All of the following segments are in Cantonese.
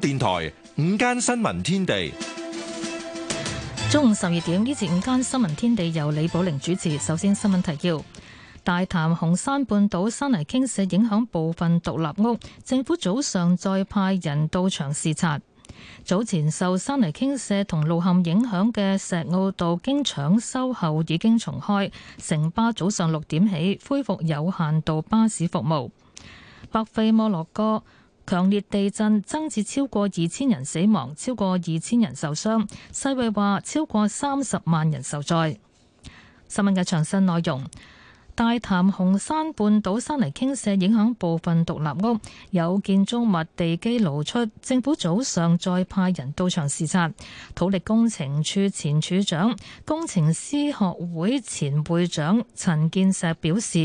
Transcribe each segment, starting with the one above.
電台午間新聞天地，中午十二點，呢次午間新聞天地由李寶玲主持。首先新聞提要：大潭紅山半島山泥傾瀉影響部分獨立屋，政府早上再派人到場視察。早前受山泥傾瀉同路陷影響嘅石澳道經搶修後已經重開，城巴早上六點起恢復有限度巴士服務。北非摩洛哥強烈地震增至超過二千人死亡，超過二千人受傷。世衛話超過三十萬人受災。新聞嘅詳細內容。大潭紅山半島山泥傾瀉影響部分獨立屋，有建築物地基露出。政府早上再派人到場視察。土力工程處前處長、工程師學會前會長陳建石表示：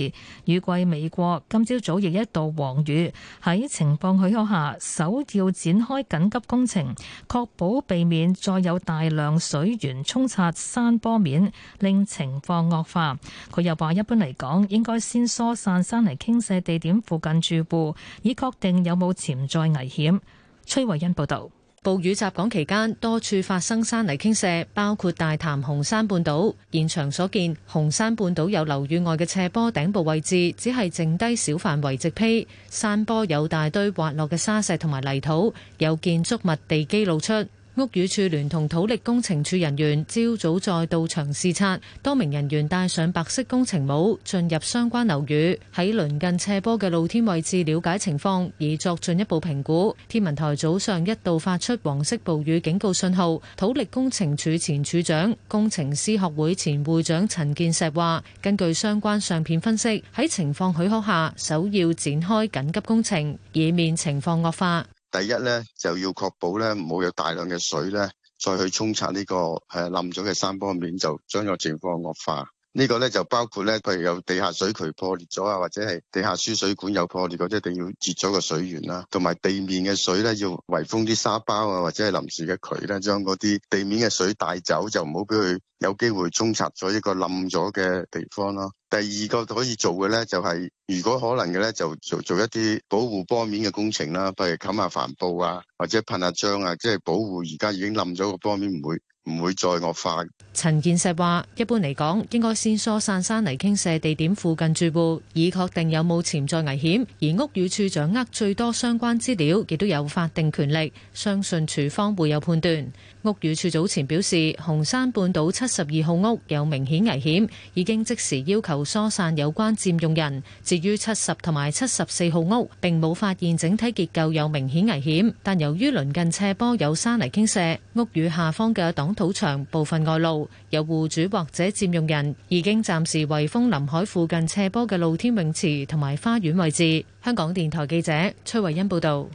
雨季未過，今朝早亦一度黃雨。喺情況許可下，首要展開緊急工程，確保避免再有大量水源沖刷山坡面，令情況惡化。佢又話：一般嚟。港應該先疏散山泥傾瀉地點附近住戶，以確定有冇潛在危險。崔慧欣報道。暴雨襲港期間，多處發生山泥傾瀉，包括大潭紅山半島。現場所見，紅山半島有樓宇外嘅斜坡頂部位置只係剩低小範圍直披山坡，有大堆滑落嘅沙石同埋泥土，有建築物地基露出。屋宇署聯同土力工程署人員朝早再到場視察，多名人員戴上白色工程帽進入相關樓宇，喺鄰近斜坡嘅露天位置了解情況，以作進一步評估。天文台早上一度發出黃色暴雨警告信號。土力工程署前署長、工程師學會前會長陳建石話，根據相關相片分析，喺情況許可下，首要展開緊急工程，以免情況惡化。第一呢，就要確保呢唔好有大量嘅水呢，再去沖刷呢、這個誒冧咗嘅山坡面，就將這個情況惡化。個呢個咧就包括咧，譬如有地下水渠破裂咗啊，或者係地下輸水管有破裂，嗰啲一定要截咗個水源啦，同埋地面嘅水咧要圍封啲沙包啊，或者係臨時嘅渠咧，將嗰啲地面嘅水帶走，就唔好俾佢有機會沖刷咗一個冧咗嘅地方咯、啊。第二個可以做嘅咧，就係、是、如果可能嘅咧，就做做一啲保護坡面嘅工程啦、啊，譬如冚下帆布啊，或者噴下漿啊，即係保護而家已經冧咗個坡面唔會。唔會再惡化。陳建石話，一般嚟講，應該先疏散山泥傾瀉地點附近住戶，以確定有冇潛在危險。而屋宇處掌握最多相關資料，亦都有法定權力。相信處方會有判斷。屋宇署早前表示，紅山半島七十二號屋有明顯危險，已經即時要求疏散有關佔用人。至於七十同埋七十四號屋，並冇發現整體結構有明顯危險，但由於鄰近斜坡有山泥傾瀉，屋宇下方嘅擋土牆部分外露，有戶主或者佔用人已經暫時圍封臨海附近斜坡嘅露天泳池同埋花園位置。香港電台記者崔慧欣報道。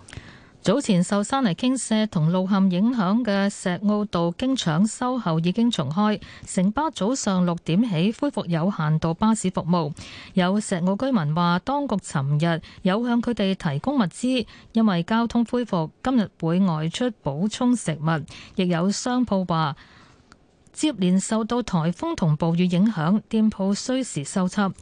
早前受山泥傾瀉同路陷影響嘅石澳道經搶修後已經重開，城巴早上六點起恢復有限度巴士服務。有石澳居民話當局尋日有向佢哋提供物資，因為交通恢復今日會外出補充食物。亦有商鋪話接連受到台風同暴雨影響，店鋪需時修葺。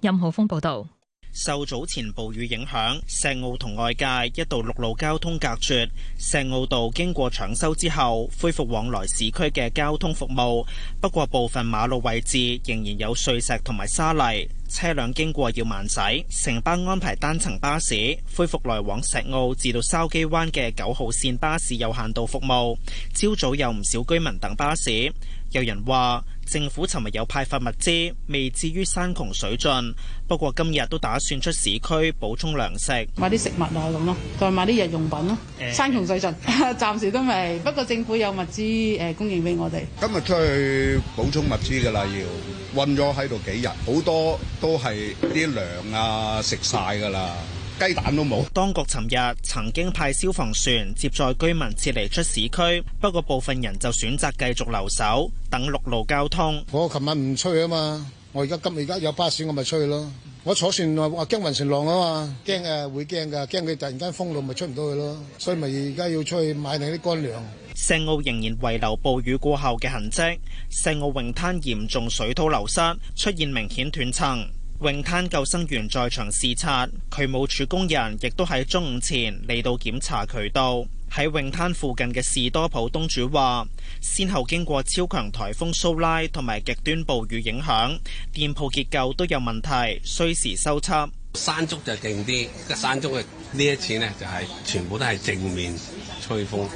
任浩峰報道。受早前暴雨影響，石澳同外界一度陸路交通隔絕。石澳道經過搶修之後，恢復往來市區嘅交通服務。不過部分馬路位置仍然有碎石同埋沙泥，車輛經過要慢駛。城巴安排單層巴士恢復來往石澳至到筲箕灣嘅九號線巴士有限度服務。朝早有唔少居民等巴士，有人話。政府尋日有派發物資，未至於山窮水盡。不過今日都打算出市區補充糧食，買啲食物啊咁咯，再、就是、買啲日用品咯。山窮水盡，暫時都未。不過政府有物資誒供應俾我哋。今日出去補充物資㗎啦，要韞咗喺度幾日，好多都係啲糧啊食晒㗎啦。雞蛋都冇。當局尋日曾經派消防船接載居民撤離出市區，不過部分人就選擇繼續留守，等陸路交通。我琴晚唔出去啊嘛，我而家今日而家有巴士，我咪出去咯。我坐船話驚暈船浪啊嘛，驚誒會驚噶，驚佢突然間封路咪出唔到去咯，所以咪而家要出去買你啲乾糧。石澳仍然遺留暴雨過後嘅痕跡，石澳泳灘嚴重水土流失，出現明顯斷層。泳灘救生員在場視察，渠務署工人亦都喺中午前嚟到檢查渠道。喺泳灘附近嘅士多舖東主話，先後經過超強台風蘇拉同埋極端暴雨影響，店鋪結構都有問題，需時修葺。山竹就勁啲，山竹嘅呢一次呢，就係，就係全部都係正面吹風，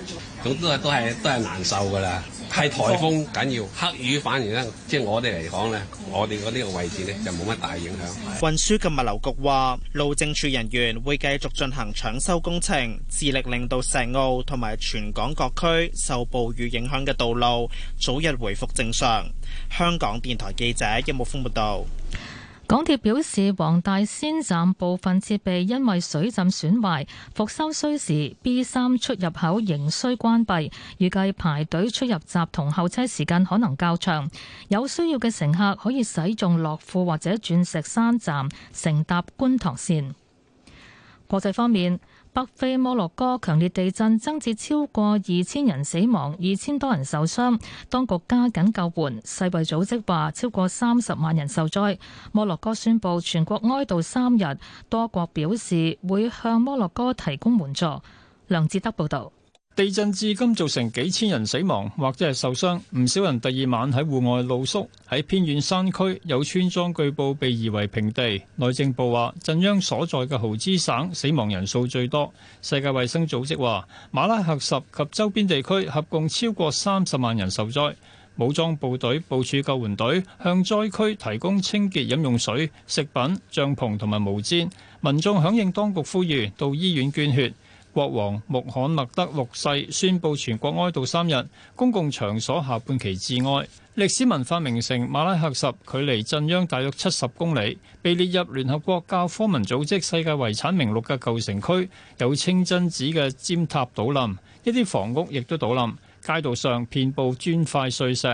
咁都係都係都係難受噶啦。係颱風緊要，黑雨反而咧，即係我哋嚟講咧，我哋嗰啲個位置呢，就冇乜大影響。運輸及物流局話，路政署人員會繼續進行搶修工程，致力令到石澳同埋全港各區受暴雨影響嘅道路早日回復正常。香港電台記者殷木豐報道。港鐵表示，黃大仙站部分設備因為水浸損壞，復修需時，B 三出入口仍需關閉，預計排隊出入閘同候車時間可能較長。有需要嘅乘客可以使用樂富或者鑽石山站乘搭觀塘線。國際方面。北非摩洛哥強烈地震增至超過二千人死亡，二千多人受傷，當局加緊救援。世衛組織話超過三十萬人受災。摩洛哥宣布全國哀悼三日，多國表示會向摩洛哥提供援助。梁志德報道。地震至今造成幾千人死亡或者係受傷，唔少人第二晚喺戶外露宿。喺偏遠山區，有村莊據報被夷為平地。內政部話，震央所在嘅豪茲省死亡人數最多。世界衛生組織話，馬拉喀什及周邊地區合共超過三十萬人受災，武裝部隊部署救援隊，向災區提供清潔飲用水、食品、帳篷同埋毛氈。民眾響應當局呼籲到醫院捐血。國王穆罕默德六世宣佈全國哀悼三日，公共場所下半旗致哀。歷史文化名城馬拉喀什距離震央大約七十公里，被列入聯合國教科文組織世界遺產名錄嘅舊城區，有清真寺嘅尖塔倒冧，一啲房屋亦都倒冧，街道上遍佈磚塊碎石。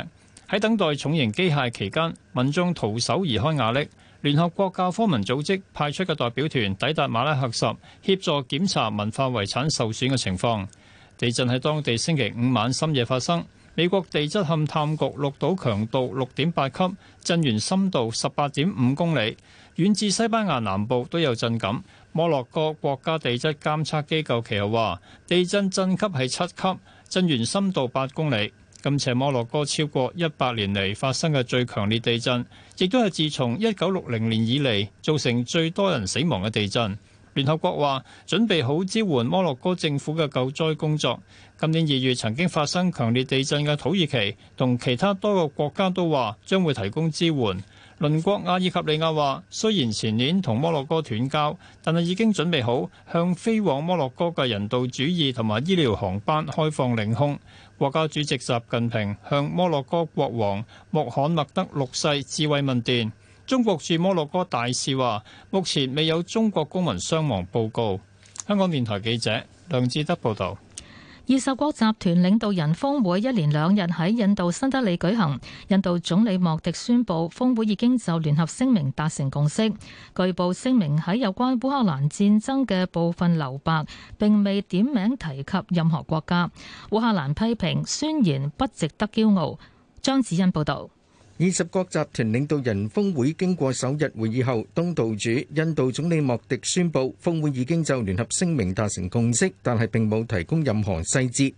喺等待重型機械期間，民眾徒手移開瓦礫。聯合國教科文組織派出嘅代表團抵達馬拉喀什，協助檢查文化遺產受損嘅情況。地震喺當地星期五晚深夜發生。美國地質勘探，探局錄到強度六點八級，震源深度十八點五公里，遠至西班牙南部都有震感。摩洛哥國，國家地質監測機構其後話，地震震級係七級，震源深度八公里。今次摩洛哥超過一百年嚟發生嘅最強烈地震，亦都係自從一九六零年以嚟造成最多人死亡嘅地震。聯合國話準備好支援摩洛哥政府嘅救災工作。今年二月曾經發生強烈地震嘅土耳其同其他多個國家都話將會提供支援。鄰國阿爾及利亞話：雖然前年同摩洛哥斷交，但係已經準備好向飛往摩洛哥嘅人道主義同埋醫療航班開放領空。國家主席習近平向摩洛哥國王穆罕默德六世致慰問電。中國駐摩洛哥大使話：目前未有中國公民傷亡報告。香港電台記者梁志德報導。二十國集團領導人峰會一連兩日喺印度新德里舉行，印度總理莫迪宣布，峰會已經就聯合聲明達成共識。據報聲明喺有關烏克蘭戰爭嘅部分留白，並未點名提及任何國家。烏克蘭批評宣言不值得驕傲。張子欣報道。二十國集團領導人峰會經過首日會議後，東道主印度總理莫迪宣布，峰會已經就聯合聲明達成共識，但係並冇提供任何細節。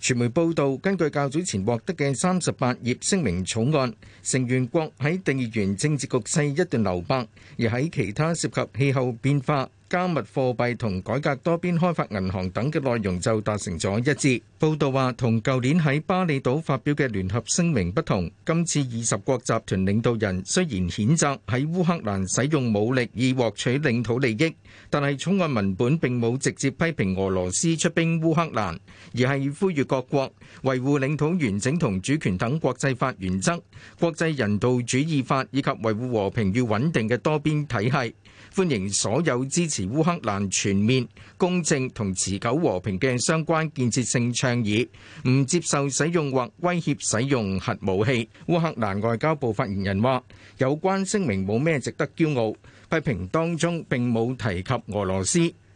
傳媒報道，根據較早前獲得嘅三十八頁聲明草案，成員國喺地緣政治局勢一段留白，而喺其他涉及氣候變化、加密貨幣同改革多邊開發銀行等嘅內容就達成咗一致。報道話，同舊年喺巴厘島發表嘅聯合聲明不同，今次二十國集團領導人雖然譴責喺烏克蘭使用武力以獲取領土利益，但係草案文本並冇直接批評俄羅斯出兵烏克蘭，而係呼籲各國維護領土完整同主權等國際法原則、國際人道主義法以及維護和平與穩定嘅多邊體系。歡迎所有支持烏克蘭全面、公正同持久和平嘅相關建設性倡議，唔接受使用或威脅使用核武器。烏克蘭外交部發言人話，有關聲明冇咩值得驕傲，批評當中並冇提及俄羅斯。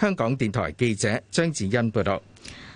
香港電台記者張智欣報道，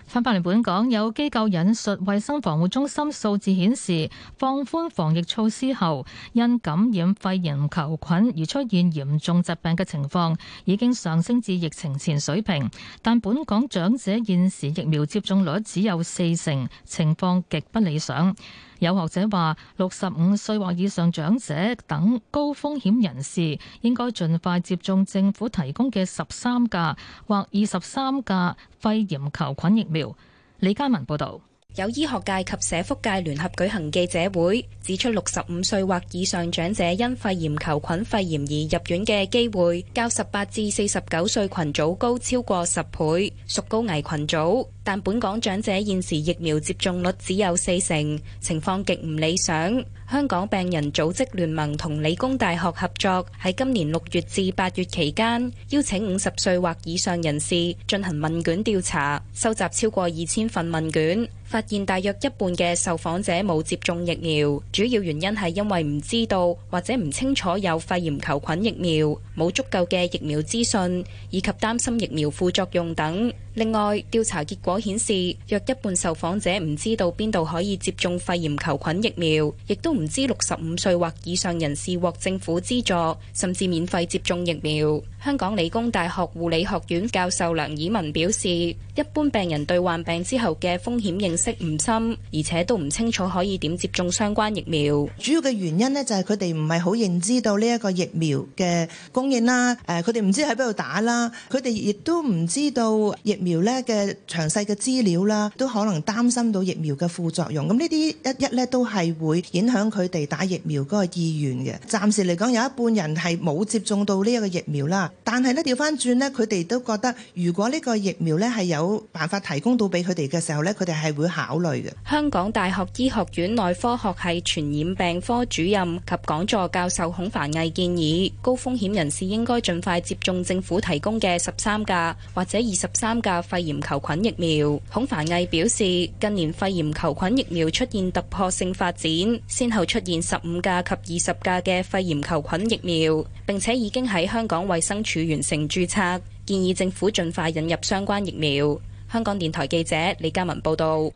翻返嚟本港，有機構引述衛生防護中心數字顯示，放寬防疫措施後，因感染肺炎球菌而出現嚴重疾病嘅情況已經上升至疫情前水平。但本港長者現時疫苗接種率只有四成，情況極不理想。有學者話：六十五歲或以上長者等高風險人士應該盡快接種政府提供嘅十三價或二十三價肺炎球菌疫苗。李嘉文報導。有醫學界及社福界聯合舉行記者會，指出六十五歲或以上長者因肺炎球菌肺炎而入院嘅機會，較十八至四十九歲群組高超過十倍，屬高危群組。但本港長者現時疫苗接種率只有四成，情況極唔理想。香港病人組織聯盟同理工大學合作，喺今年六月至八月期間邀請五十歲或以上人士進行問卷調查，收集超過二千份問卷，發現大約一半嘅受訪者冇接種疫苗，主要原因係因為唔知道或者唔清楚有肺炎球菌疫苗，冇足夠嘅疫苗資訊，以及擔心疫苗副作用等。另外，調查結果顯示，約一半受訪者唔知道邊度可以接種肺炎球菌疫苗，亦都唔知六十五歲或以上人士獲政府資助，甚至免費接種疫苗。香港理工大學護理學院教授梁以文表示，一般病人對患病之後嘅風險認識唔深，而且都唔清楚可以點接種相關疫苗。主要嘅原因呢，就係佢哋唔係好認知到呢一個疫苗嘅供應啦，誒，佢哋唔知喺邊度打啦，佢哋亦都唔知道疫。疫苗嘅詳細嘅資料啦，都可能擔心到疫苗嘅副作用。咁呢啲一一呢都係會影響佢哋打疫苗嗰個意願嘅。暫時嚟講，有一半人係冇接種到呢一個疫苗啦。但係呢，調翻轉呢，佢哋都覺得如果呢個疫苗呢係有辦法提供到俾佢哋嘅時候呢，佢哋係會考慮嘅。香港大學醫學院內科學系傳染病科主任及講座教授孔凡毅建議，高風險人士應該盡快接種政府提供嘅十三價或者二十三價肺炎球菌疫苗，孔凡毅表示，近年肺炎球菌疫苗出現突破性發展，先後出現十五價及二十價嘅肺炎球菌疫苗，並且已經喺香港衛生署完成註冊，建議政府盡快引入相關疫苗。香港電台記者李嘉文報道。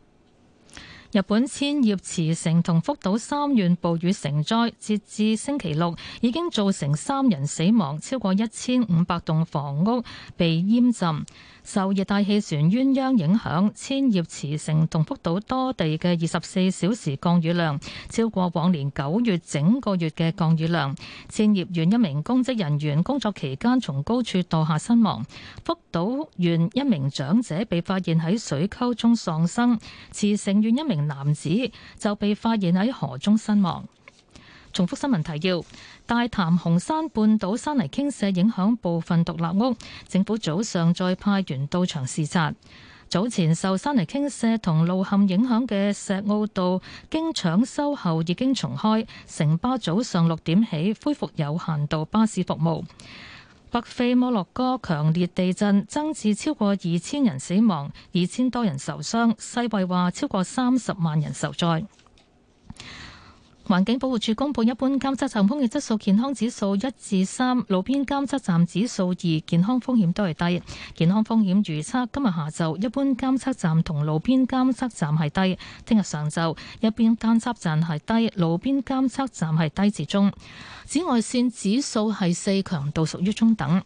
日本千葉、茨城同福島三縣暴雨成災，截至星期六已經造成三人死亡，超過一千五百棟房屋被淹浸。受熱帶氣旋鴛鴦影響，千葉茨城同福島多地嘅二十四小時降雨量超過往年九月整個月嘅降雨量。千葉縣一名公職人員工作期間從高處墮下身亡，福島縣一名長者被發現喺水溝中喪生，茨城縣一名男子就被發現喺河中身亡。重複新聞提要：大潭紅山半島山泥傾瀉影響部分獨立屋，政府早上再派員到場視察。早前受山泥傾瀉同路陷影響嘅石澳道，經搶修後已經重開，城巴早上六點起恢復有限度巴士服務。北非摩洛哥強烈地震，增至超過二千人死亡，二千多人受傷。世衛話超過三十萬人受災。環境保護署公布一般監測站空氣質素健康指數一至三，路邊監測站指數二，健康風險都係低。健康風險預測今日下晝一般監測站同路邊監測站係低，聽日上晝一般監測站係低，路邊監測站係低至中。紫外線指數係四，強度屬於中等。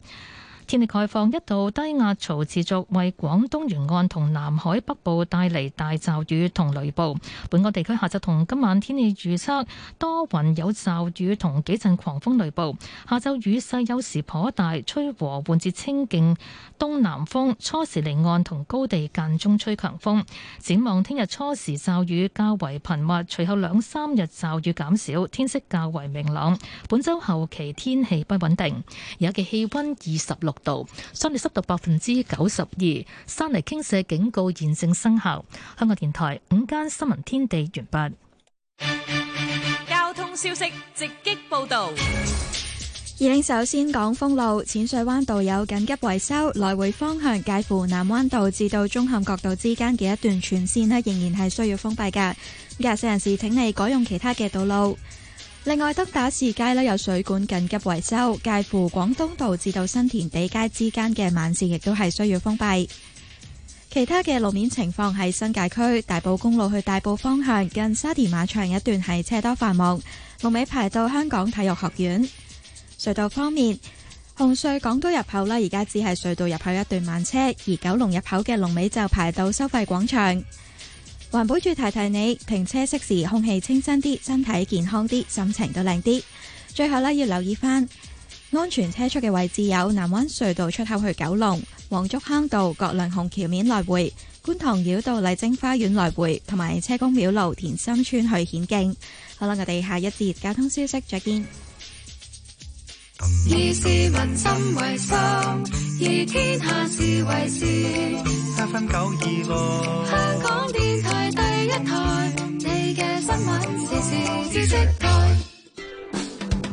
天氣概況，一道低壓槽持續為廣東沿岸同南海北部帶嚟大驟雨同雷暴。本港地區下晝同今晚天氣預測，多雲有驟雨同幾陣狂風雷暴。下晝雨勢有時頗大，吹和緩至清勁東南風，初時離岸同高地間中吹強風。展望聽日初時驟雨較為頻密，隨後兩三日驟雨減少，天色較為明朗。本週後期天氣不穩定，而家嘅氣温二十六。濕度相對濕度百分之九十二，山泥傾瀉警告現正生效。香港電台午間新聞天地完畢。交通消息直擊報道。二嶺首先講封路，淺水灣道有緊急維修，來回方向介乎南灣道至到舂坎角道之間嘅一段全線呢仍然係需要封閉噶。駕駛人士請你改用其他嘅道路。另外，登打士街咧有水管緊急維修，介乎廣東道至到新田地街之間嘅慢線亦都係需要封閉。其他嘅路面情況，喺新界區，大埔公路去大埔方向近沙田馬場一段係車多繁忙，龍尾排到香港體育學院。隧道方面，紅隧港島入口咧而家只係隧道入口一段慢車，而九龍入口嘅龍尾就排到收費廣場。環保署提提你，停車熄匙，空氣清新啲，身體健康啲，心情都靚啲。最後呢，要留意翻安全車速嘅位置有南灣隧道出口去九龍、黃竹坑道、葛量洪橋面來回、觀塘繞道麗晶花園來回，同埋車公廟路田心村去顯徑。好啦，我哋下一節交通消息再見。以市民心為心，以天下事為事。三分九二咯。二香港電台第一台，你嘅新聞時時資訊台。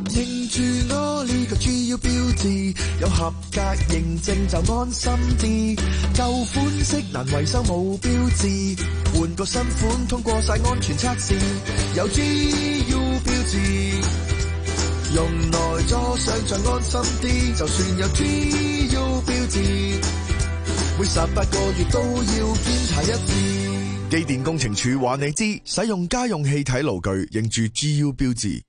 認住我呢個 G U 標誌，有合格認證就安心啲。舊款式難維修冇標誌，換個新款通過晒安全測試，有 G U 標誌。用內咗上再安心啲，就算有 GU 標誌，每十八個月都要檢查一次。機電工程處話你知，使用家用氣體爐具認住 GU 標誌。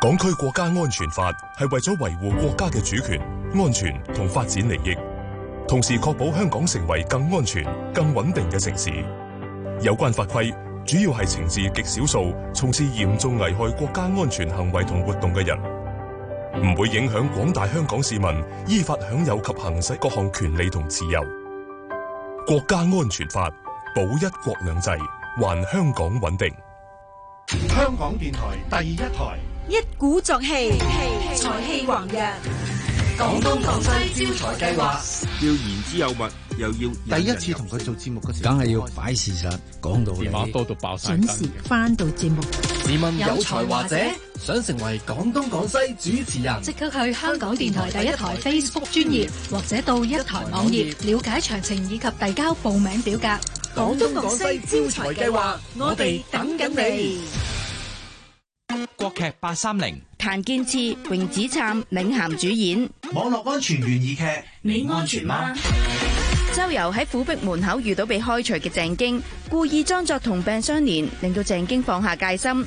港區國家安全法係為咗維護國家嘅主權、安全同發展利益，同時確保香港成為更安全、更穩定嘅城市。有關法規。主要係懲治極少數從事嚴重危害國家安全行為同活動嘅人，唔會影響廣大香港市民依法享有及行使各項權利同自由。國家安全法保一國兩制，還香港穩定。香港電台第一台，一鼓作氣，財氣旺嘅。氣廣東廣西招才計劃要言之有物，又要第一次同佢做節目嘅時候，梗係要擺事實，講到起碼多到爆晒。準時翻到節目，有才華者想成為廣東廣西主持人，即刻去香港電台第一台 Facebook 專頁或者到一台網頁了解詳情以及遞交報名表格。廣東廣西招才計劃，我哋等緊你。國劇八三零，檀健次、榮梓杉領銜主演。網絡安全懸疑劇《你安全嗎》？周游喺苦逼門口遇到被開除嘅鄭京，故意裝作同病相憐，令到鄭京放下戒心。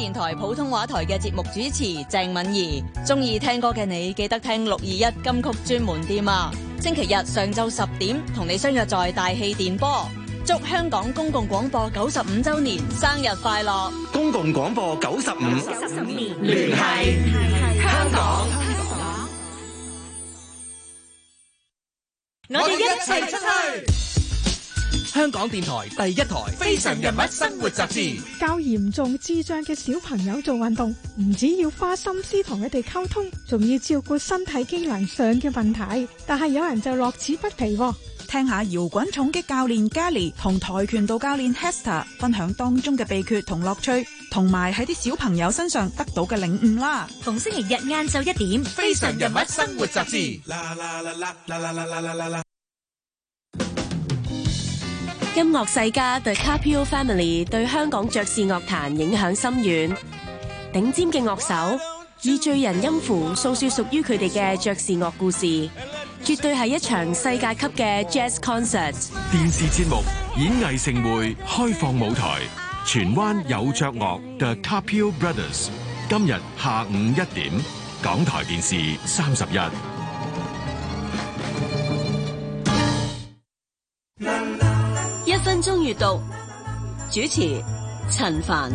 電台普通話台嘅節目主持鄭敏儀，中意聽歌嘅你記得聽六二一金曲專門店啊！星期日上晝十點同你相約在大氣電波，祝香港公共廣播九十五周年生日快樂！公共廣播九十五年，聯繫香港，我哋一齊出去。香港電台第一台《非常人物生活雜誌》，教嚴重智障嘅小朋友做運動，唔止要花心思同佢哋溝通，仲要照顧身體機能上嘅問題。但係有人就樂此不疲，哦。聽下搖滾重擊教練 Gally 同跆拳道教練 Hester 分享當中嘅秘訣同樂趣，同埋喺啲小朋友身上得到嘅領悟啦。逢星期日晏晝一點，《非常人物生活雜誌》啦。啦啦啦啦啦啦音樂世家 The Carpio Family 對香港爵士樂壇影響深遠，頂尖嘅樂手以醉人音符訴說屬於佢哋嘅爵士樂故事，絕對係一場世界級嘅 Jazz Concert。電視節目演藝盛會開放舞台，荃灣有爵樂 The Carpio Brothers，今日下午一點，港台電視三十一。中閱讀主持陳凡。